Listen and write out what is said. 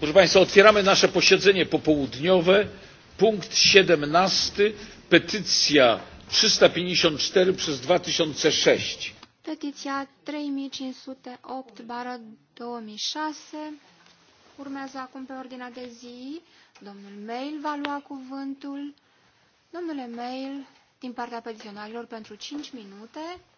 Proszę Państwa, otwieramy nasze posiedzenie popołudniowe. Punkt 17, petycja 354 przez 2006. Petiția 3508 bara 2006 urmează acum pe ordinea de zi. Domnul Mail va lua cuvântul. Domnule Mail, din partea petiționarilor pentru 5 minute.